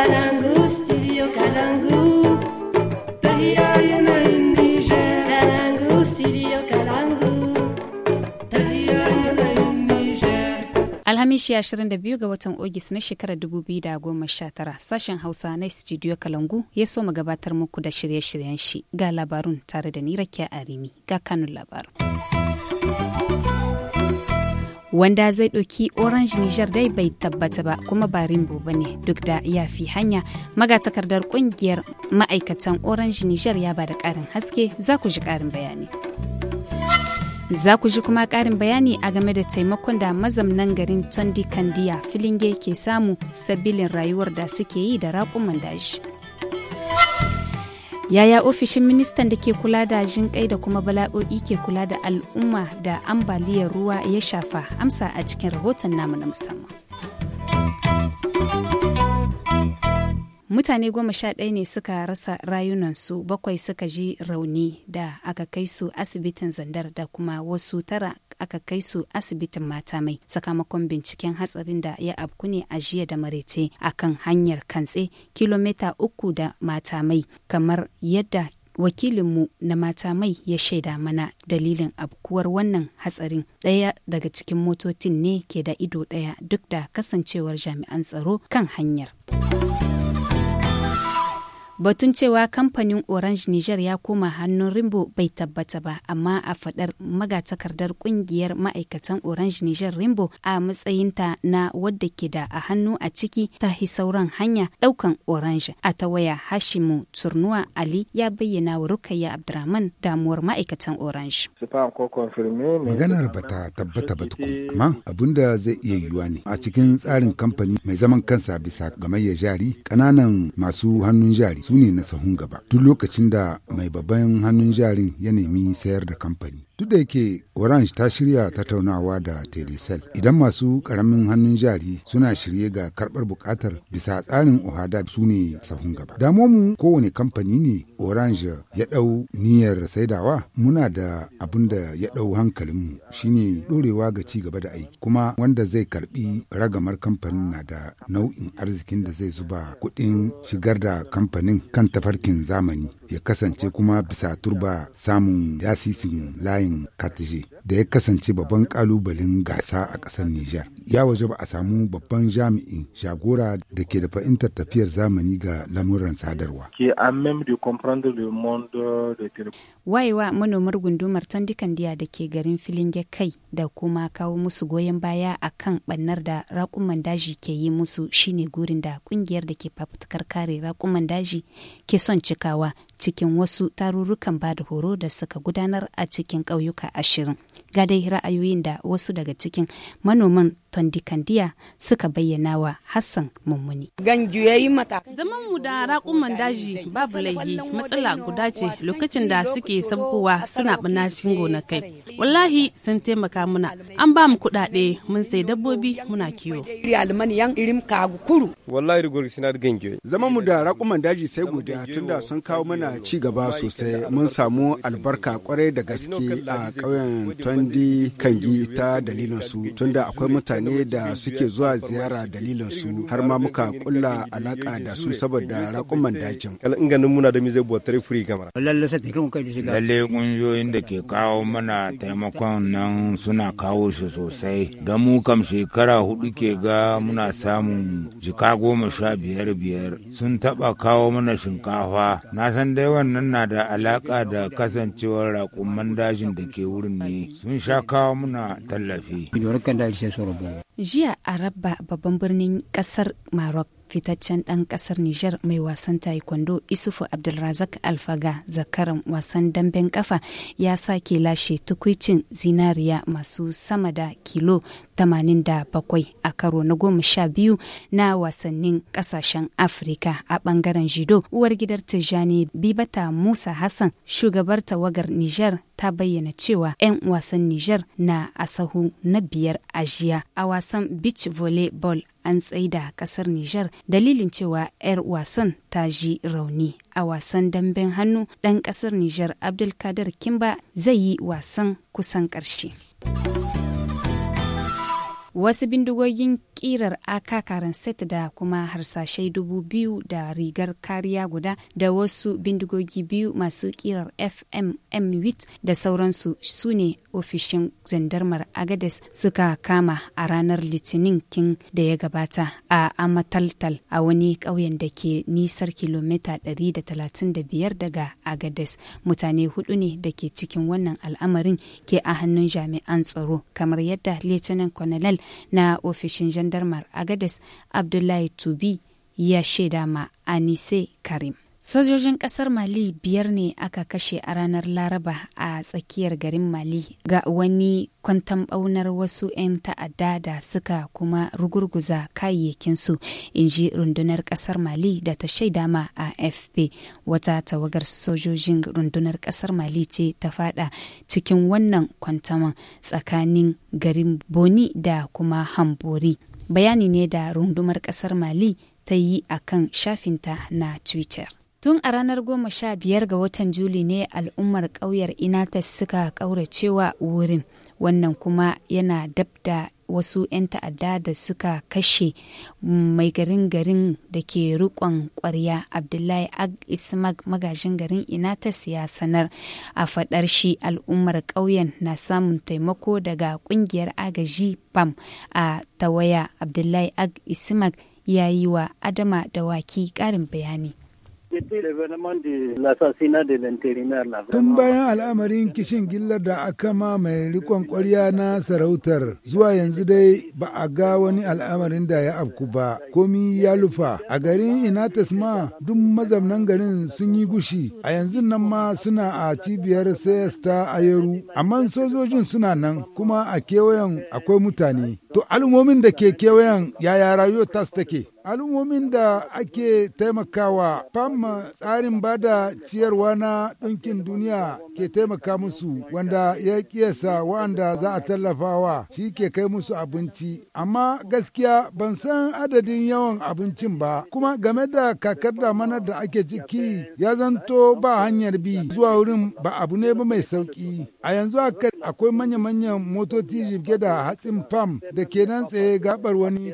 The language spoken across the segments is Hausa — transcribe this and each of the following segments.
Kalangu, studio Kalangu. Tahiya yana yin Niger. Kalangu, studio Kalangu. Tahiya yana yin Niger. Alhamishi 22 ga watan Ogis na shekarar 2019 sashen Hausa na studio Kalangu ya so ma gabatar muku da shirye-shiryen shi ga labarun tare da ni Rakiya Arimi ga kanun labarun. wanda zai ɗauki orange niger dai bai tabbata ba kuma ba rimbo ba ne duk da ya fi hanya magatakardar ƙungiyar ma'aikatan orange niger ya ba da ƙarin haske za ku ji ƙarin bayani za ku ji kuma ƙarin bayani a game da taimakon da mazamnan garin tondi kandiya filinge ke samu sabilin rayuwar da suke yi da raƙuman daji. Yaya ofishin ministan da ke kula da jin kai da kuma bala'o'i ke kula da al'umma da ambaliyar ruwa ya shafa amsa a cikin rahoton namu na musamman. mutane goma sha ɗaya ne suka rasa rayunansu bakwai suka ji rauni da aka kai su asibitin zandar da kuma wasu tara aka kai su asibitin mata mai sakamakon binciken hatsarin da ya abku ne a jiya da marece kan hanyar kantse kilomita uku da mata mai kamar yadda wakilinmu na mata mai ya shaida mana dalilin abkuwar wannan hatsarin ɗaya daga cikin motocin ne ke da ido ɗaya duk da kasancewar jami'an tsaro kan hanyar. Batun cewa kamfanin Orange Niger ya koma hannun Rimbo bai tabbata ba, amma a fadar magatakardar kungiyar ma'aikatan Orange Niger Rimbo a matsayinta na wadda ke da a hannu a ciki ta hi sauran hanya daukan Orange. A ta waya Hashimu Turnuwa Ali ya bayyana wa Rukayya Abdurrahman damuwar ma'aikatan Orange. Maganar ba ta tabbata ba tukun, amma abin da zai iya yiwuwa ne a cikin tsarin kamfani mai zaman kansa bisa gamayyar jari ƙananan masu hannun jari su ne na sahun gaba duk lokacin da mai babban hannun jarin ya nemi sayar da kamfani Duk da yake Orange ta shirya tattaunawa da Telecel idan masu karamin hannun jari suna shirye ga karbar bukatar bisa tsarin Ohada su ne sahun gaba. mu kowane kamfani ne Orange ya ɗau niyyar saidawa muna da abin da ya ɗau hankalinmu shine ɗorewa ga ci gaba da aiki kuma wanda zai karbi ragamar kamfanin na da nau'in arzikin da zai zuba kuɗin shigar da kamfanin kan tafarkin zamani. ya kasance kuma bisa turba samun yasisin layin katije. da ya kasance babban kalubalen gasa a ƙasar Nijar. Ya waje ba a samu babban jami'in shagora da ke da fahimtar tafiyar zamani ga lamuran sadarwa. Wayewa manomar gundumar diya da ke garin Filinge kai da kuma kawo musu goyon baya a kan ɓannar da raƙuman daji ke yi musu shine gurin da ƙungiyar da ke fafutukar kare raƙuman daji ke son cikawa cikin wasu tarurrukan ba da horo da suka gudanar a cikin ƙauyuka ashirin. gadai ra'ayoyin da wasu daga cikin manoman tondikandiya suka bayyana wa hassan mummuni zaman mu da raƙuman daji babu laifi matsala guda ce lokacin da suke sabkowa suna ɓana cikin gonakai wallahi sun taimaka muna an ba mu kuɗaɗe mun sai dabbobi muna kiwo wallahi rigor sinar gangiyoyi zaman mu da raƙuman daji sai godiya tunda sun kawo mana ci gaba sosai mun samu albarka kwarai da gaske a ƙauyen tondi kangi ta dalilin su tunda akwai mutane mutane da suke zuwa ziyara dalilin su har ma muka kulla alaka da su saboda rakuman dajin. Lalle kungiyoyin da ke kawo mana taimakon nan suna kawo shi sosai. Da mu kam shekara hudu ke ga muna samun jika goma sha biyar biyar sun taba kawo mana shinkafa. Na san dai wannan na da alaka da kasancewar rakuman dajin da ke wurin ne sun sha kawo muna tallafi. da jiya araba babban birnin kasar maroc fitaccen ɗan ƙasar Nijar mai wasan taekwondo Isufu Abdulrazak Alfaga zakaran wasan damben ƙafa ya sake lashe tukwicin zinariya masu sama da kilo 87 a karo na goma sha biyu na wasannin ƙasashen Afrika a ɓangaren Jido. Uwar gidar Tijjani Bibata Musa Hassan shugabar tawagar Nijar ta bayyana cewa 'yan wasan Nijar na asahu na biyar ajiya a wasan beach volleyball an tsaida kasar Nijar dalilin cewa 'yar wasan ta ji rauni a wasan damben hannu ɗan kasar Nijar Abdulkadir Kimba zai yi wasan kusan ƙarshe. Wasu bindigogin kirar AK-47 da kuma harsashai dubu biyu da rigar kariya guda da wasu bindigogi biyu masu kirar FMM-WIT da sauransu su ne ofishin zandarmar Agades suka kama a ranar Litinin kin da ya gabata a Amataltal a wani ƙauyen da ke nisar kilomita 135 daga Agades. Mutane hudu ne da ke cikin wannan al'amarin ke a hannun jami'an tsaro kamar yadda Litinin Colonel na ofishin jandarmar agades abdullahi tubi ya shaida ma anise karim sojojin kasar mali biyar ne aka kashe a ranar laraba a tsakiyar garin mali ga wani kwantan ɓaunar wasu 'yan ta'adda da suka kuma rugurguza kayayyakinsu in ji rundunar kasar mali da ta shaida ma a fp wata tawagar sojojin rundunar kasar mali ce ta fada cikin wannan kwantaman tsakanin garin boni da kuma hambori bayani ne da rundumar kasar mali ta yi a kan shafinta na twitter tun a ranar goma sha biyar ga watan juli ne al'ummar ƙauyar inatas suka ƙauracewa wurin wannan kuma yana dab da wasu 'yan ta'adda da suka kashe mai garin garin da ke rikon kwarya abdullahi ag ismag magajin garin ina ta sanar a fadar shi al'ummar ƙauyen na samun taimako daga kungiyar agaji pam a tawaya abdullahi ag ismag ya yi wa adama dawaki ƙarin bayani Tun bayan al'amarin kishin gillar da aka ma mai rikon kwarya na sarautar zuwa yanzu dai ba a ga wani al'amarin da ya afku ba, komi ya lufa. A garin Inatas ma duk mazamnan garin sun yi gushi, a yanzu nan ma suna a cibiyar sayas ta Ayeru, amma sojojin suna nan kuma a kewayen akwai mutane. To al'umomin da ke kewayen yaya rayuwar tas take? al'ummomin da ake taimakawa fam tsarin ba da ciyarwa na ɗinkin duniya ke taimaka musu wanda ya kiyasa wa'anda za a tallafawa shi ke kai musu abinci amma gaskiya ban san adadin yawan abincin ba kuma game da kakar damanar da ake ciki ya zanto ba hanyar bi zuwa wurin ba abu ne ba mai sauki a yanzu haka akwai manya-manyan motoci jirge da hatsin fam da ke nan tsaye gabar wani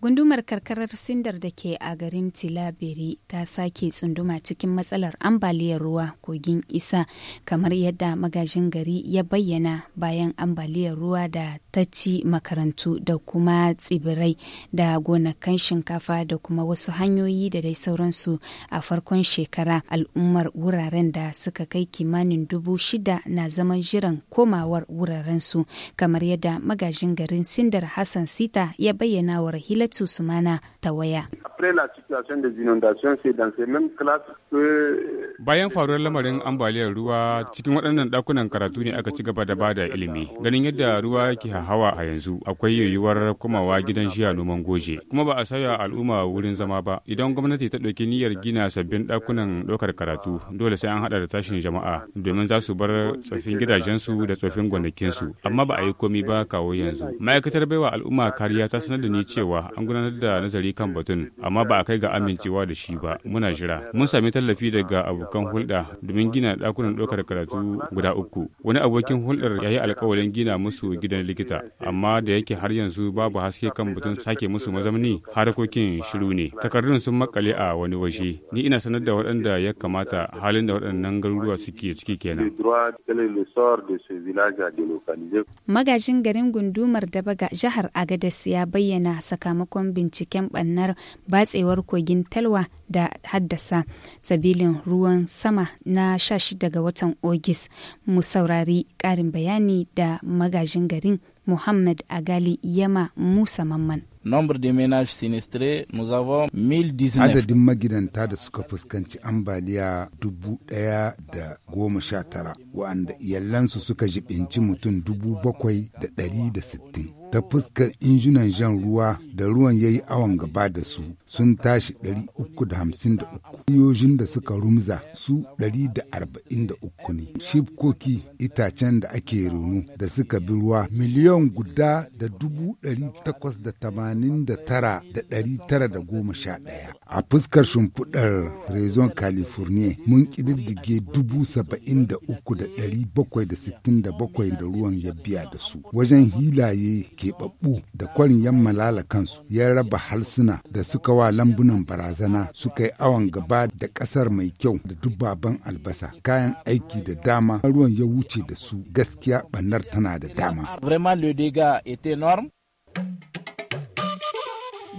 Gundumar karkarar sindar da ke a garin Tilaberi ta sake tsunduma cikin matsalar ambaliyar ruwa kogin isa kamar yadda magajin gari ya bayyana bayan ambaliyar ruwa da ta ci makarantu da kuma tsibirai da gonakan shinkafa da kuma wasu hanyoyi da dai sauransu a farkon shekara al'ummar wuraren da suka kai kimanin dubu shida na zaman jiran komawar wurarensu kamar yadda magajin garin Sindar Hassan Sita ya bayyana wa Rahilatu Sumana ta waya. après la situation des inondations c'est dans ces mêmes classes que euh, bayan faruwar lamarin ambaliyar ruwa cikin waɗannan ɗakunan karatu ne aka ci gaba da bada ilimi ganin yadda ruwa ke hawa a yanzu akwai yiwuwar komawa gidan shiya noman goje kuma ba a sauya al'umma wurin zama ba idan gwamnati ta ɗauki niyyar gina sabbin ɗakunan ɗaukar karatu dole sai an haɗa da tashin jama'a domin za su bar tsoffin gidajensu da tsoffin gonakinsu amma ba a yi komi ba kawo yanzu ma'aikatar baiwa al'umma kariya ta sanar da ni cewa an gudanar da nazari kan batun a amma ba a kai ga amincewa da shi ba muna jira mun sami tallafi daga abokan hulɗa domin gina ɗakunan ɗaukar karatu guda uku wani abokin hulɗar ya yi alkawarin gina musu gidan likita amma da yake har yanzu babu haske kan batun sake musu mazamni harkokin shiru ne takardun sun makale a wani waje ni ina sanar da waɗanda ya kamata halin da waɗannan garuruwa suke ciki kenan magajin garin gundumar dabaga jihar agadas ya bayyana sakamakon binciken bannar ba watsewar kogin talwa da haddasa sabilin ruwan sama na 16 ga watan ogis mu saurari ƙarin bayani da magajin garin muhammad agali yama musa mamman nombre de ménages sinistrés nous avons 1019 adadin magidanta da suka fuskanci ambaliya dubu daya da goma sha tara wa'anda iyalansu suka jibinci mutum dubu bakwai da dari da sittin ta fuskar injunan jan ruwa da ruwan ya yi awon gaba da su sun tashi 353 uku da suka rumza su 143 ne shifkoki itacen da ake runu da suka bi ruwa miliyan guda da dubu 880 89,911. A fuskar shimfiɗar Rezon California mun ƙididdige 73,767 da ruwan ya biya da su. Wajen hilaye keɓaɓɓu da kwarin yan malala kansu ya raba harsuna da suka wa lambunan barazana suka yi awon gaba da ƙasar mai kyau da dubbaban albasa kayan aiki da dama ruwan ya wuce da su gaskiya ɓannar tana da dama. vraiment le dégât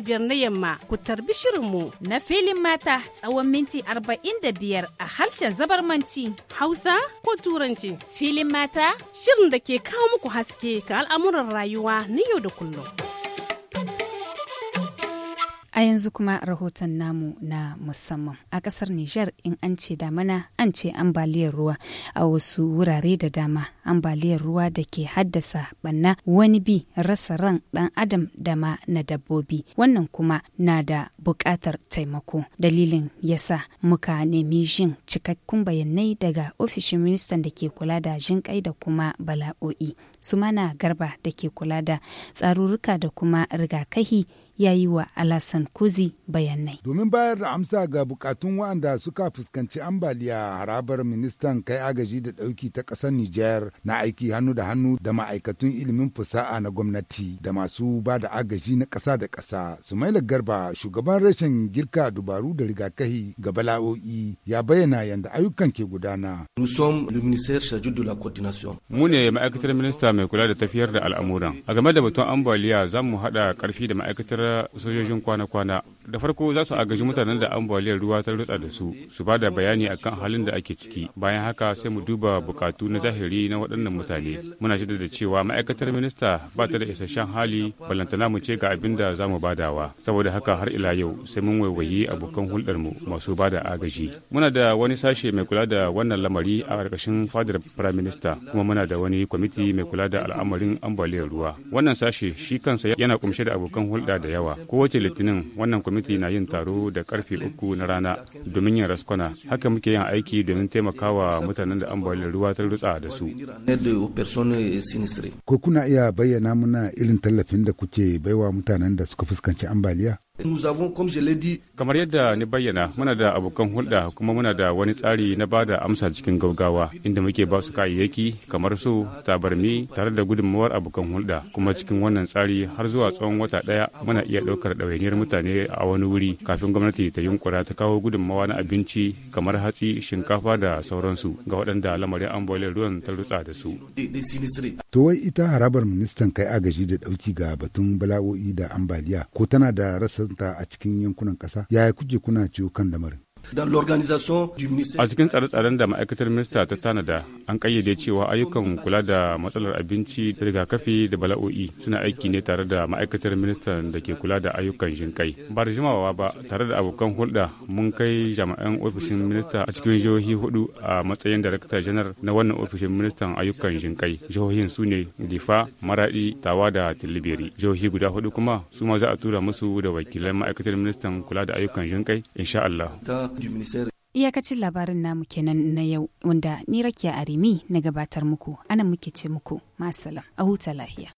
biyar na yamma ku tarbi shirinmu. Na filin mata tsawon minti arba'in da biyar a halcin zabarmanci. Hausa ko Turanci? Filin mata? Shirin da ke kawo muku haske ga al'amuran rayuwa na yau da kullum. A yanzu kuma rahoton namu na musamman a kasar Nijar in an ce damana an ce ambaliyar ruwa a wasu wurare da dama ambaliyar ruwa da ke haddasa banna wani bi rasa ran ɗan adam da ma na dabbobi wannan kuma na da buƙatar taimako dalilin yasa muka nemi jin cikakkun bayanai daga ofishin ministan da ke kula da jinƙai da kuma bala'o'i sumana garba da ke kula da tsarurruka da kuma rigakahi ya yi wa alasan kuzi bayanai domin bayar da amsa ga bukatun waɗanda suka fuskanci ambaliya harabar ministan kai agaji da ɗauki ta ƙasar nijar na aiki hannu da hannu da ma'aikatun ilimin fusaa na gwamnati da masu ba da agaji na ƙasa da ƙasa sumaila garba shugaban rashin girka dubaru da rigakahi ga bala'o'i ya bayyana yadda ayyukan ke gudana mu ne ma'aikatar minista mai kula da tafiyar da al'amuran. A game da batun ambaliya za mu haɗa ƙarfi da ma'aikatar sojojin kwana-kwana da farko za su agaji mutanen da ambaliyar ruwa ta rutsa da su su ba da bayani akan halin da ake ciki bayan haka sai mu duba bukatu na zahiri na waɗannan mutane muna shida da cewa ma'aikatar minista ba ta da isasshen hali balantana mu ce ga abin da za mu badawa saboda haka har ila yau sai mun waiwayi abokan hulɗar mu masu ba da agaji muna da wani sashe mai kula da wannan lamari a ƙarƙashin fadar prime minister kuma muna da wani kwamiti mai kula da al'amarin ambaliyar ruwa wannan sashe shi kansa yana kumshe da abokan hulɗa da yawa kowace litinin wannan kwamiti na yin taro da karfe uku na rana domin yin raskwana haka muke yin aiki domin taimakawa mutanen da ambaliyar ruwa ta rutsa da su ko kuna iya bayyana muna irin tallafin da kuke baiwa mutanen da suka fuskanci ambaliya Kamar yadda ni bayyana muna da abokan hulɗa kuma muna da wani tsari na ba da amsa cikin gaugawa inda muke ba su kayayyaki kamar su tabarmi tare da gudummawar abokan hulɗa kuma cikin wannan tsari har zuwa tsawon wata ɗaya muna iya ɗaukar ɗawainiyar mutane a wani wuri kafin gwamnati ta yunkura ta kawo gudummawa na abinci kamar hatsi shinkafa da sauransu ga waɗanda lamarin ambaliyar ruwan ta rutsa da su. To wai ita harabar ministan kai agaji da ɗauki ga batun bala'o'i da ambaliya ko tana da rasa makusanta a cikin yankunan ƙasa yaya kuke kuna ciwo kan lamarin A cikin tsare-tsaren da ma'aikatar minista ta tanada an kayyade cewa ayyukan kula da matsalar abinci da rigakafi da bala'o'i suna aiki ne tare da ma'aikatar ministan da ke kula da ayyukan jinkai. Ba da jimawa ba tare da abokan hulɗa mun kai jami'an ofishin minista a cikin jihohi hudu a matsayin darakta janar na wannan ofishin ministan ayyukan jinkai. Jihohin su ne Difa, Maradi, Tawa da Tilibiri. Jihohi guda hudu kuma su ma za a tura musu da wakilan ma'aikatar ministan kula da ayyukan jinkai insha Allah. du Iyakacin labarin namu kenan na yau wanda ni rakiya arimi na gabatar muku anan muke ce muku masalam a huta lahiya.